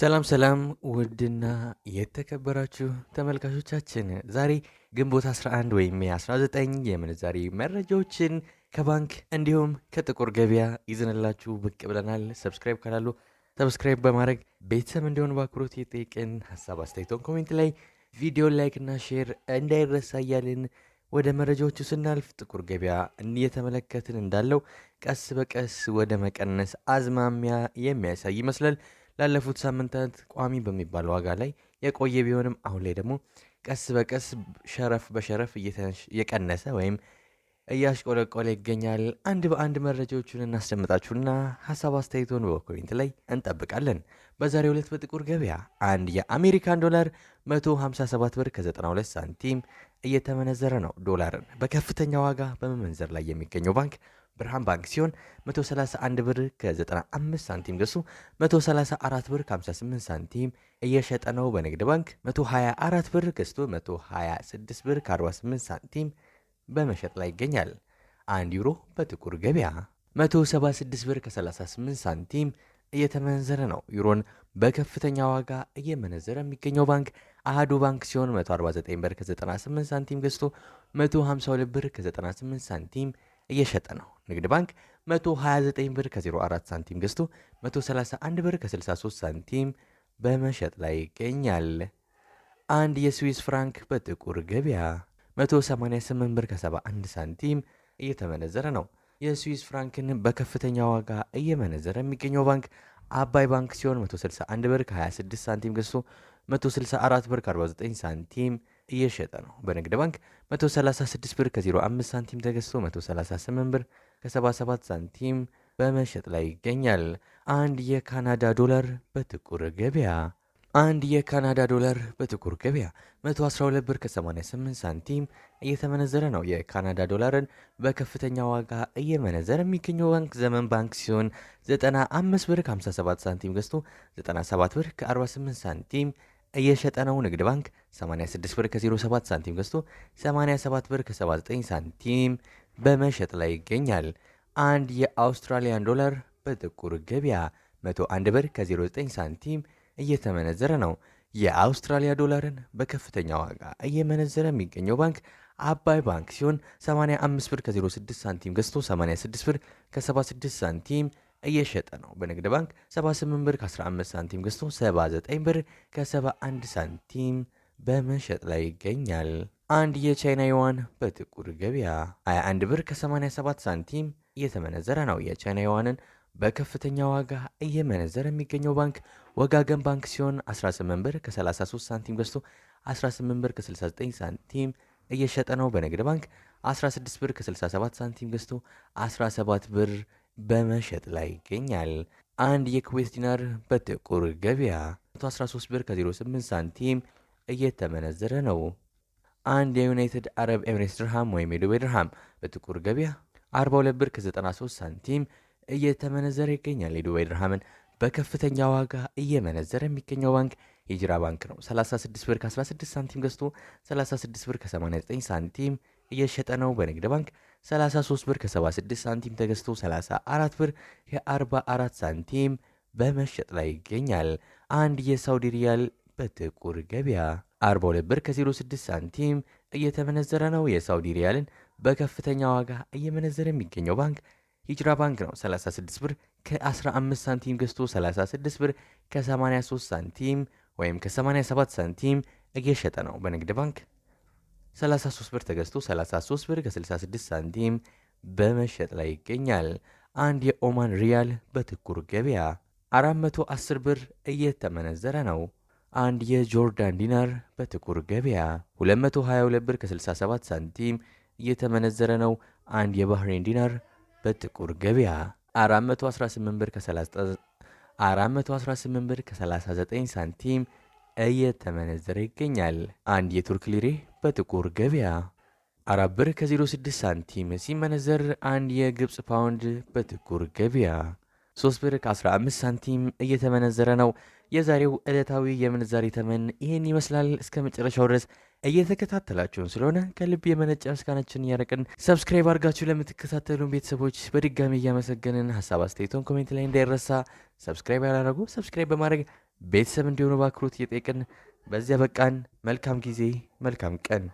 ሰላም ሰላም ውድና የተከበራችሁ ተመልካቾቻችን ዛሬ ግንቦት 11 ወይም 19 የምንዛሬ መረጃዎችን ከባንክ እንዲሁም ከጥቁር ገበያ ይዘንላችሁ ብቅ ብለናል። ሰብስክራይብ ካላሉ ሰብስክራይብ በማድረግ ቤተሰብ እንዲሆን በአክብሮት የጠየቅን፣ ሀሳብ አስተያየቶን ኮሜንት ላይ ቪዲዮ ላይክና ሼር እንዳይረሳ እያልን ወደ መረጃዎቹ ስናልፍ ጥቁር ገበያ እየተመለከትን እንዳለው ቀስ በቀስ ወደ መቀነስ አዝማሚያ የሚያሳይ ይመስላል። ላለፉት ሳምንታት ቋሚ በሚባል ዋጋ ላይ የቆየ ቢሆንም አሁን ላይ ደግሞ ቀስ በቀስ ሸረፍ በሸረፍ እየቀነሰ ወይም እያሽቆለቆለ ይገኛል። አንድ በአንድ መረጃዎቹን እናስደምጣችሁና ሀሳብ አስተያየቶን በኮሜንት ላይ እንጠብቃለን። በዛሬው ዕለት በጥቁር ገበያ አንድ የአሜሪካን ዶላር 157 ብር ከ92 ሳንቲም እየተመነዘረ ነው። ዶላርን በከፍተኛ ዋጋ በመመንዘር ላይ የሚገኘው ባንክ ብርሃን ባንክ ሲሆን 131 ብር ከ95 ሳንቲም ገሱ 134 ብር ከ58 ሳንቲም እየሸጠ ነው። በንግድ ባንክ 124 ብር ገዝቶ 126 ብር ከ48 ሳንቲም በመሸጥ ላይ ይገኛል። አንድ ዩሮ በጥቁር ገበያ 176 ብር ከ38 ሳንቲም እየተመነዘረ ነው። ዩሮን በከፍተኛ ዋጋ እየመነዘረ የሚገኘው ባንክ አህዱ ባንክ ሲሆን 149 ብር ከ98 ሳንቲም ገዝቶ 152 ብር ከ98 ሳንቲም እየሸጠ ነው። ንግድ ባንክ 129 ብር ከ04 ሳንቲም ገዝቶ 131 ብር ከ63 ሳንቲም በመሸጥ ላይ ይገኛል። አንድ የስዊስ ፍራንክ በጥቁር ገበያ 188 ብር ከ71 ሳንቲም እየተመነዘረ ነው። የስዊስ ፍራንክን በከፍተኛ ዋጋ እየመነዘረ የሚገኘው ባንክ አባይ ባንክ ሲሆን 161 ብር ከ26 ሳንቲም ገዝቶ 164 ብር ከ49 ሳንቲም እየሸጠ ነው። በንግድ ባንክ 136 ብር ከ05 ሳንቲም ተገዝቶ 138 ብር ከ77 ሳንቲም በመሸጥ ላይ ይገኛል። አንድ የካናዳ ዶላር በጥቁር ገበያ አንድ የካናዳ ዶላር በጥቁር ገበያ 112 ብር ከ88 ሳንቲም እየተመነዘረ ነው። የካናዳ ዶላርን በከፍተኛ ዋጋ እየመነዘረ የሚገኘው ባንክ ዘመን ባንክ ሲሆን 95 ብር ከ57 ሳንቲም ገዝቶ 97 ብር ከ48 ሳንቲም እየሸጠ ነው። ንግድ ባንክ 86 ብር ከ07 ሳንቲም ገዝቶ 87 ብር ከ79 ሳንቲም በመሸጥ ላይ ይገኛል። አንድ የአውስትራሊያን ዶላር በጥቁር ገበያ 101 ብር ከ09 ሳንቲም እየተመነዘረ ነው። የአውስትራሊያ ዶላርን በከፍተኛ ዋጋ እየመነዘረ የሚገኘው ባንክ አባይ ባንክ ሲሆን 85 ብር ከ06 ሳንቲም ገዝቶ 86 ብር ከ76 ሳንቲም እየሸጠ ነው። በንግድ ባንክ 78 ብር ከ15 ሳንቲም ገዝቶ 79 ብር ከ71 ሳንቲም በመሸጥ ላይ ይገኛል። አንድ የቻይና ዩዋን በጥቁር ገበያ 21 ብር ከ87 ሳንቲም እየተመነዘረ ነው። የቻይና ዩዋንን በከፍተኛ ዋጋ እየመነዘረ የሚገኘው ባንክ ወጋገን ባንክ ሲሆን 18 ብር ከ33 ሳንቲም ገዝቶ 18 ብር ከ69 ሳንቲም እየሸጠ ነው። በንግድ ባንክ 16 ብር ከ67 ሳንቲም ገዝቶ 17 ብር በመሸጥ ላይ ይገኛል። አንድ የኩዌት ዲናር በጥቁር ገበያ 113 ብር ከ08 ሳንቲም እየተመነዘረ ነው። አንድ የዩናይትድ አረብ ኤምሬትስ ድርሃም ወይም የዱባይ ድርሃም በጥቁር ገበያ 42 ብር ከ93 ሳንቲም እየተመነዘረ ይገኛል። የዱባይ ድርሃምን በከፍተኛ ዋጋ እየመነዘረ የሚገኘው ባንክ የሂጅራ ባንክ ነው። 36 ብር ከ16 ሳንቲም ገዝቶ 36 ብር ከ89 ሳንቲም እየሸጠ ነው። በንግድ ባንክ 33 ብር ከ76 ሳንቲም ተገዝቶ 34 ብር ከ44 ሳንቲም በመሸጥ ላይ ይገኛል። አንድ የሳውዲ ሪያል በጥቁር ገበያ 42 ብር ከ06 ሳንቲም እየተመነዘረ ነው። የሳውዲ ሪያልን በከፍተኛ ዋጋ እየመነዘረ የሚገኘው ባንክ ሂጅራ ባንክ ነው። 36 ብር ከ15 ሳንቲም ገዝቶ 36 ብር ከ83 ሳንቲም ወይም ከ87 ሳንቲም እየሸጠ ነው። በንግድ ባንክ 33 ብር ተገዝቶ 33 ብር ከ66 ሳንቲም በመሸጥ ላይ ይገኛል። አንድ የኦማን ሪያል በጥቁር ገበያ 410 ብር እየተመነዘረ ነው። አንድ የጆርዳን ዲናር በጥቁር ገበያ 222 ብር ከ67 ሳንቲም እየተመነዘረ ነው። አንድ የባህሬን ዲናር በጥቁር ገበያ 418 ብር ከ39 ሳንቲም እየተመነዘረ ይገኛል። አንድ የቱርክ ሊሬ በጥቁር ገበያ 4 ብር ከ06 ሳንቲም ሲመነዘር አንድ የግብፅ ፓውንድ በጥቁር ገበያ 3 ብር ከ15 ሳንቲም እየተመነዘረ ነው። የዛሬው ዕለታዊ የምንዛሪ ተመን ይህን ይመስላል። እስከ መጨረሻው ድረስ እየተከታተላችሁን ስለሆነ ከልብ የመነጨ ምስጋናችን እያረቅን ሰብስክራይብ አድርጋችሁ ለምትከታተሉን ቤተሰቦች በድጋሚ እያመሰገንን ሀሳብ አስተያየቶን ኮሜንት ላይ እንዳይረሳ፣ ሰብስክራይብ ያላረጉ ሰብስክራይብ በማድረግ ቤተሰብ እንዲሆኑ በአክብሮት እየጠየቅን በዚያ በቃን። መልካም ጊዜ፣ መልካም ቀን